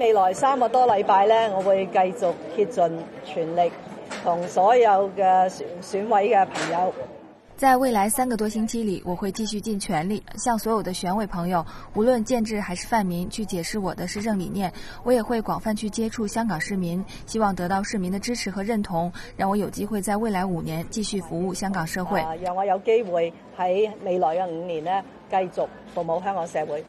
未來三個多禮拜呢，我會繼續竭盡全力同所有嘅選，選委嘅朋友。在未來三個多星期裏，我會繼續盡全力向所有的選委朋友，無論建制還是泛民，去解釋我的施政理念。我也會廣泛去接觸香港市民，希望得到市民的支持和認同，讓我有機會在未來五年繼續服務香港社會。啊，讓我有機會喺未來嘅五年呢，繼續服務香港社會。啊